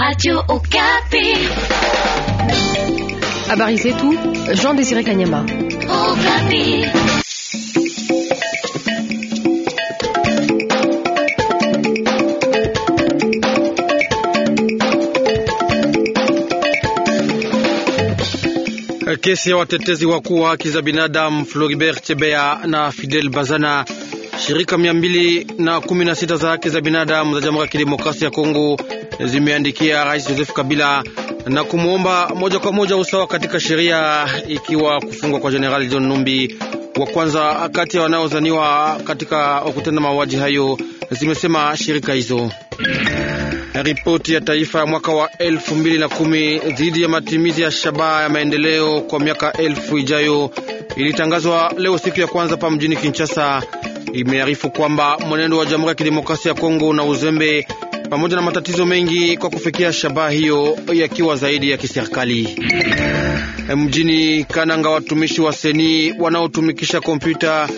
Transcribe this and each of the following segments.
Radio Okapi. Habari zetu Jean Désiré Kanyama. Okapi. Kesi ya watetezi wakuu wa haki za binadamu Floribert Chebea na Fidel Bazana, shirika mia mbili na kumi na sita za haki za binadamu za Jamhuri ya Kidemokrasia ya Kongo zimeandikia Rais Joseph Kabila na kumwomba moja kwa moja usawa katika sheria, ikiwa kufungwa kwa Jenerali John Numbi wa kwanza kati ya wanaozaniwa katika kutenda mauaji hayo, zimesema shirika hizo. Ripoti ya taifa ya mwaka wa elfu mbili na kumi dhidi ya matimizi ya shabaha ya maendeleo kwa miaka elfu ijayo ilitangazwa leo siku ya kwanza pa mjini Kinshasa. Imearifu kwamba mwenendo wa Jamhuri ya Kidemokrasia ya Kongo na uzembe pamoja na matatizo mengi kwa kufikia shabaha hiyo yakiwa zaidi ya kiserikali. Eh, mjini Kananga, watumishi wa seni wanaotumikisha kompyuta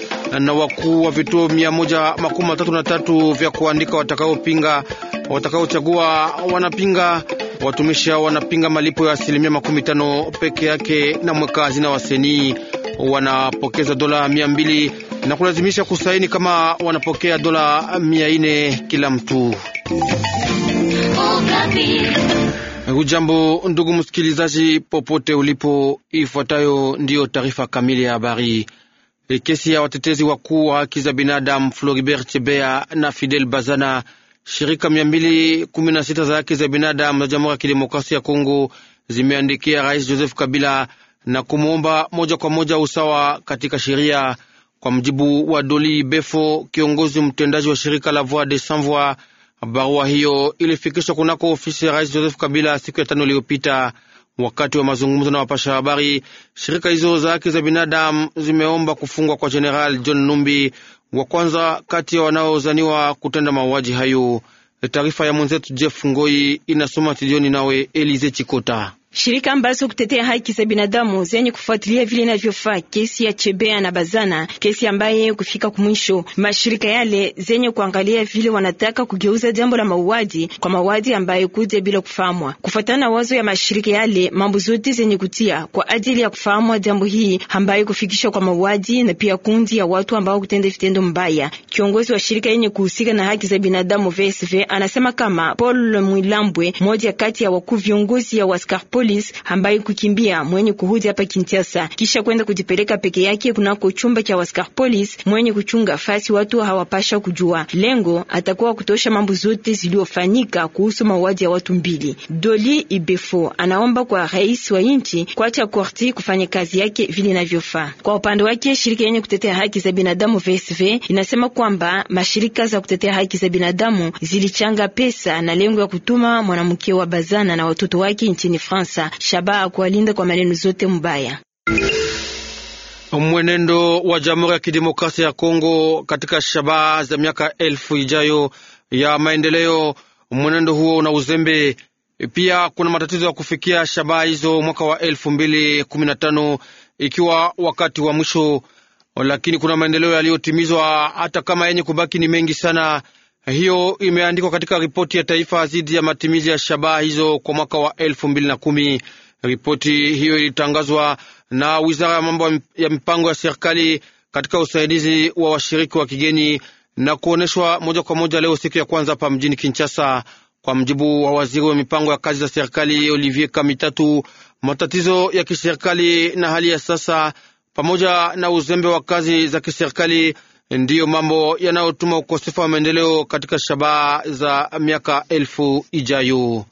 na wakuu wa vituo mia moja makumi matatu na tatu vya kuandika watakaopinga watakaochagua wanapinga watumishi hao wanapinga malipo ya asilimia makumi tano peke yake, na mweka hazina wa seni wanapokeza dola mia mbili na kulazimisha kusaini kama wanapokea dola mia nne kila mtu. ujambo ndugu msikilizaji, popote ulipo, ifuatayo ndiyo taarifa kamili ya habari. Kesi ya watetezi wakuu wa haki za binadamu Floribert chebea na Fidel Bazana, shirika 216 za haki za binadamu za Jamhuri ya Kidemokrasia ya Kongo zimeandikia Rais Joseph Kabila na kumwomba moja kwa moja usawa katika sheria kwa mjibu wa Doli Befo, kiongozi mtendaji wa shirika la Voix des Sans Voix, barua hiyo ilifikishwa kunako ofisi ya Rais Joseph Kabila siku ya tano iliyopita. Wakati wa mazungumzo na wapasha habari, shirika hizo za haki za binadamu zimeomba kufungwa kwa General John Numbi wa kwanza kati ya wanaozaniwa kutenda mauaji hayo. Taarifa ya mwenzetu Jeff Ngoi inasoma studioni, nawe Elize Chikota. Shirika ambazo kutetea haki za binadamu zenye kufuatilia vile inavyofaa kesi ya Chebea na Bazana, kesi ambaye kufika kumwisho, mashirika yale zenye kuangalia vile wanataka kugeuza jambo la mauaji kwa mauaji ambayo kuja bila kufahamwa. Kufuatana na wazo ya mashirika yale, mambo zote zenye kutia kwa ajili ya kufahamwa jambo hii ambaye kufikishwa kwa mauaji na pia kundi ya watu ambao kutenda vitendo mbaya. Kiongozi wa shirika yenye kuhusika na haki za binadamu VSV anasema kama Paul Mwilambwe, moja kati ya wakuu viongozi ya waskarpo polisi ambaye kukimbia mwenye kuhuji hapa Kinshasa kisha kwenda kujipeleka peke yake kunako chumba cha askari polisi mwenye kuchunga fasi watu hawapasha kujua. Lengo atakuwa kutosha mambo zote ziliofanyika kuhusu mauaji ya watu mbili. Doli Ibefo anaomba kwa rais wa nchi kuacha korti kufanya kazi yake vile inavyofaa. Kwa upande wake, shirika yenye kutetea haki za binadamu VSV inasema kwamba mashirika za kutetea haki za binadamu zilichanga pesa na lengo ya kutuma mwanamke wa Bazana na watoto wake nchini France. Ufaransa. Shabaha kuwalinda kwa maneno zote mbaya. Mwenendo wa Jamhuri ya Kidemokrasia ya Kongo katika shabaha za miaka elfu ijayo ya maendeleo, mwenendo huo una uzembe. Pia kuna matatizo ya kufikia shabaha hizo mwaka wa elfu mbili kumi na tano ikiwa wakati wa mwisho, lakini kuna maendeleo yaliyotimizwa hata kama yenye kubaki ni mengi sana. Hiyo imeandikwa katika ripoti ya taifa dhidi ya matumizi ya shabaha hizo kwa mwaka wa elfu mbili na kumi. Ripoti hiyo ilitangazwa na wizara ya mambo ya mipango ya serikali katika usaidizi wa washiriki wa kigeni na kuonyeshwa moja kwa moja leo siku ya kwanza hapa mjini Kinshasa. Kwa mjibu wa waziri wa mipango ya kazi za serikali Olivier Kamitatu, matatizo ya kiserikali na hali ya sasa pamoja na uzembe wa kazi za kiserikali ndiyo mambo yanayotuma ukosefu wa maendeleo katika shabaha za miaka elfu ijayo.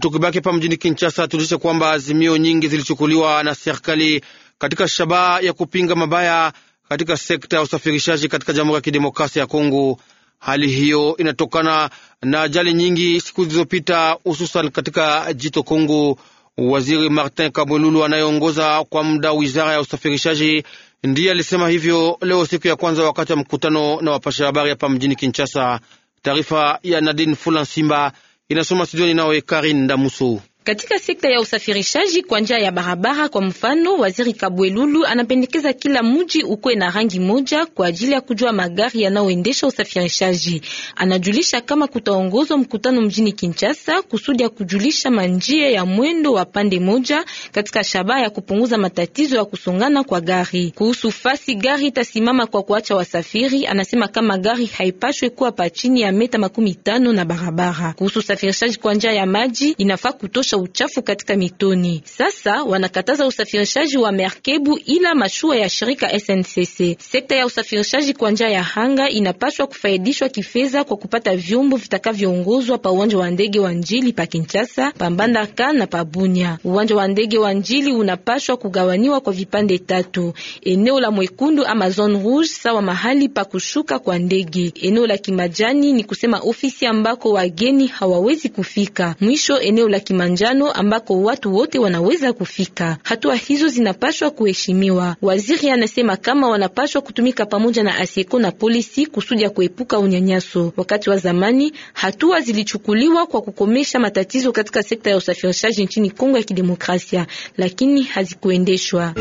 Tukibaki pa mjini Kinshasa, tulishe kwamba azimio nyingi zilichukuliwa na serikali katika shabaha ya kupinga mabaya katika sekta ya usafirishaji katika Jamhuri ya Kidemokrasia ya Kongo. Hali hiyo inatokana na ajali nyingi siku zilizopita, hususan katika jito Kongo Waziri Martin Kabwelulu anayeongoza kwa muda wizara ya usafirishaji ndiye alisema hivyo leo siku ya kwanza wakati wa mkutano na wapasha habari hapa mjini Kinshasa. Taarifa ya Nadine Fulan Simba inasoma studioni, nawe Karin Damusu. Katika sekta ya usafirishaji kwa njia ya barabara, kwa mfano, waziri Kabwelulu anapendekeza kila mji ukwe na rangi moja kwa ajili ya kujua magari yanayoendesha usafirishaji. Anajulisha kama kutaongozwa mkutano mjini Kinshasa kusudi ya kujulisha manjia ya mwendo wa pande moja katika shabaha ya kupunguza matatizo ya kusongana kwa gari. Kuhusu fasi gari itasimama kwa kuacha wasafiri, anasema kama gari haipashwe kuwa pa chini ya meta makumi tano na barabara. Kuhusu usafirishaji kwa njia ya maji inafaa kutosha kuondosha uchafu katika mitoni. Sasa wanakataza usafirishaji wa merkebu ila mashua ya shirika SNCC. Sekta ya usafirishaji kwa njia ya hanga inapaswa kufaidishwa kifedha kwa kupata vyombo vitakavyoongozwa pa uwanja wa ndege wa Njili pa Kinshasa, pa Mbandaka na pa Bunya. Uwanja wa ndege wa Njili unapaswa kugawaniwa kwa vipande tatu: eneo la mwekundu ama zone rouge, sawa mahali pa kushuka kwa ndege; eneo la kimajani ni kusema ofisi ambako wageni hawawezi kufika; mwisho eneo la kimanjani njano ambako watu wote wanaweza kufika. Hatua hizo zinapashwa kuheshimiwa. Waziri anasema kama wanapashwa kutumika pamoja na asieko na polisi kusudi ya kuepuka unyanyaso. Wakati wa zamani, hatua zilichukuliwa kwa kukomesha matatizo katika sekta ya usafirishaji nchini Kongo ya Kidemokrasia, lakini hazikuendeshwa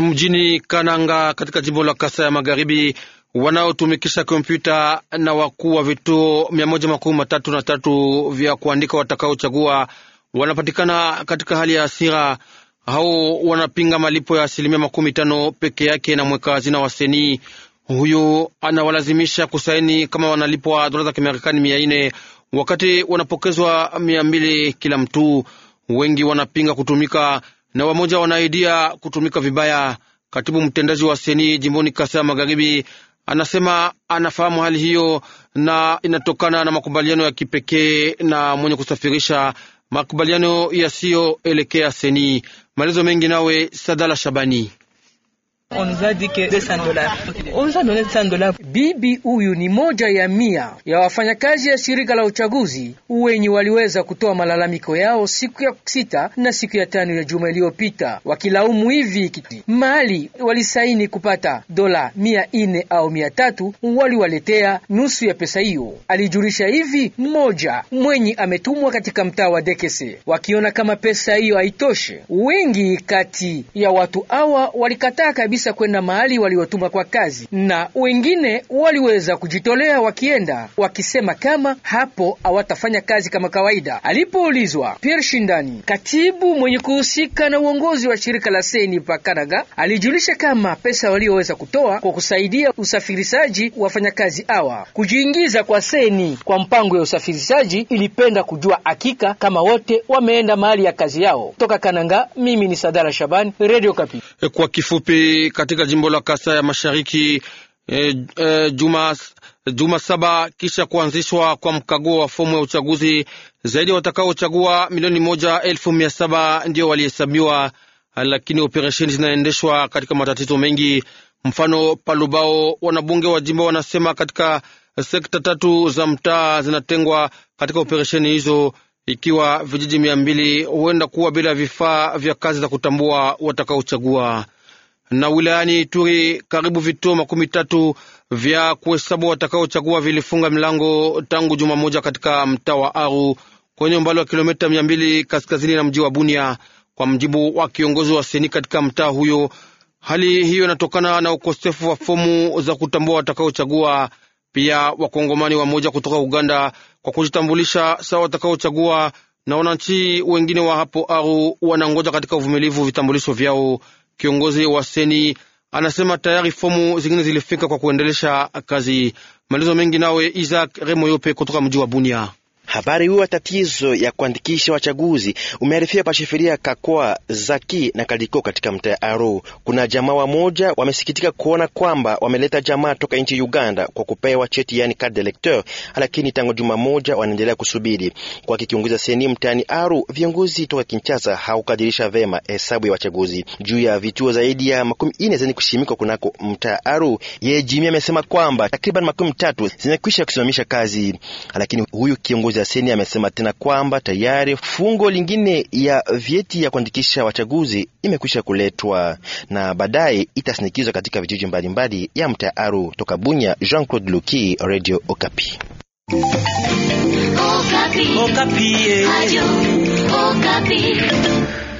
mjini Kananga katika jimbo la Kasai ya Magharibi, wanaotumikisha kompyuta na wakuu wa vituo mia moja makumi matatu na tatu vya kuandika watakaochagua wanapatikana katika hali ya hasira. Hao wanapinga malipo ya asilimia makumi tano peke yake na mweka hazina wa seni huyo anawalazimisha kusaini kama wanalipwa dola za Kimarekani mia nne wakati wanapokezwa mia mbili kila mtu. Wengi wanapinga kutumika na wamoja wanaidia kutumika vibaya. Katibu mtendaji wa seni jimboni Kasea Magharibi anasema anafahamu hali hiyo na inatokana na makubaliano ya kipekee na mwenye kusafirisha makubaliano yasiyoelekea seni. Maelezo mengi nawe Sadala Shabani. Bibi huyu ni moja ya mia ya wafanyakazi ya shirika la uchaguzi wenye waliweza kutoa malalamiko yao siku ya sita na siku ya tano ya juma iliyopita, wakilaumu hivi mali walisaini kupata dola mia nne au mia tatu waliwaletea nusu ya pesa hiyo. Alijulisha hivi mmoja mwenye ametumwa katika mtaa wa Dekese, wakiona kama pesa hiyo haitoshe. Wengi kati ya watu hawa walikataa kabisa kabisa kwenda mahali waliotuma kwa kazi, na wengine waliweza kujitolea wakienda wakisema kama hapo hawatafanya kazi kama kawaida. Alipoulizwa Pierre Shindani, katibu mwenye kuhusika na uongozi wa shirika la Seni Pakanaga, alijulisha kama pesa walioweza kutoa kwa kusaidia usafirishaji wafanyakazi hawa kujiingiza kwa Seni kwa mpango ya usafirishaji, ilipenda kujua hakika kama wote wameenda mahali ya kazi yao. Toka Kananga, mimi ni Sadara Shaban, Radio Kapi. Kwa kifupi katika jimbo la kasa ya Mashariki e, e, juma, juma saba kisha kuanzishwa kwa mkaguo wa fomu ya uchaguzi. Zaidi watakaochagua milioni moja elfu mia saba ndio walihesabiwa, lakini operesheni zinaendeshwa katika matatizo mengi. Mfano Palubao, wanabunge wa jimbo wanasema katika sekta tatu za mtaa zinatengwa katika operesheni hizo, ikiwa vijiji mia mbili huenda kuwa bila vifaa vya kazi za kutambua watakaochagua na wilayani Ituri karibu vituo makumi tatu vya kuhesabu watakaochagua vilifunga milango tangu juma moja katika mtaa wa Aru kwenye umbali wa kilomita mia mbili kaskazini na mji wa Bunia, kwa mjibu wa kiongozi wa seni katika mtaa huyo. Hali hiyo inatokana na ukosefu wa fomu za kutambua watakaochagua. Pia wakongomani wa moja kutoka Uganda kwa kujitambulisha sawa watakaochagua, na wananchi wengine wa hapo Aru wanangoja katika uvumilivu vitambulisho vyao. Kiongozi wa Seni anasema tayari fomu zingine zilifika kwa kuendelesha kazi. Maelezo mengi nawe Isaac Remoyope kutoka mji wa Bunia. Habari huwa tatizo ya kuandikisha wachaguzi umearifia pasheferia Kakwa Zaki na Kaliko katika mtaa ya Aru. Kuna jamaa wamoja wamesikitika kuona kwamba wameleta jamaa toka nchi Uganda kwa kupewa cheti yani carte d'electeur, lakini tangu juma moja wanaendelea kusubiri. Kwa kikiongoza seni mtaani Aru, viongozi toka Kinshasa haukadirisha vema hesabu ya wachaguzi juu ya vituo zaidi ya makumi ine zenye kushimikwa kunako mtaa Aru. Yeye Jimmy amesema kwamba takriban makumi tatu zimekwisha kusimamisha kazi, lakini huyu kiongozi Seni amesema tena kwamba tayari fungo lingine ya vyeti ya kuandikisha wachaguzi imekwisha kuletwa na baadaye itasinikizwa katika vijiji mbalimbali ya mtaa Aru. Toka Bunya, Jean Claude Luki, Radio Okapi. Okapi. Okapi. Eh.